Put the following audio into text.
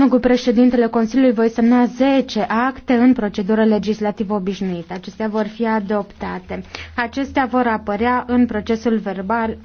Împreună cu președintele Consiliului voi semna 10 acte în procedură legislativă obișnuită. Acestea vor fi adoptate. Acestea vor apărea în procesul verbal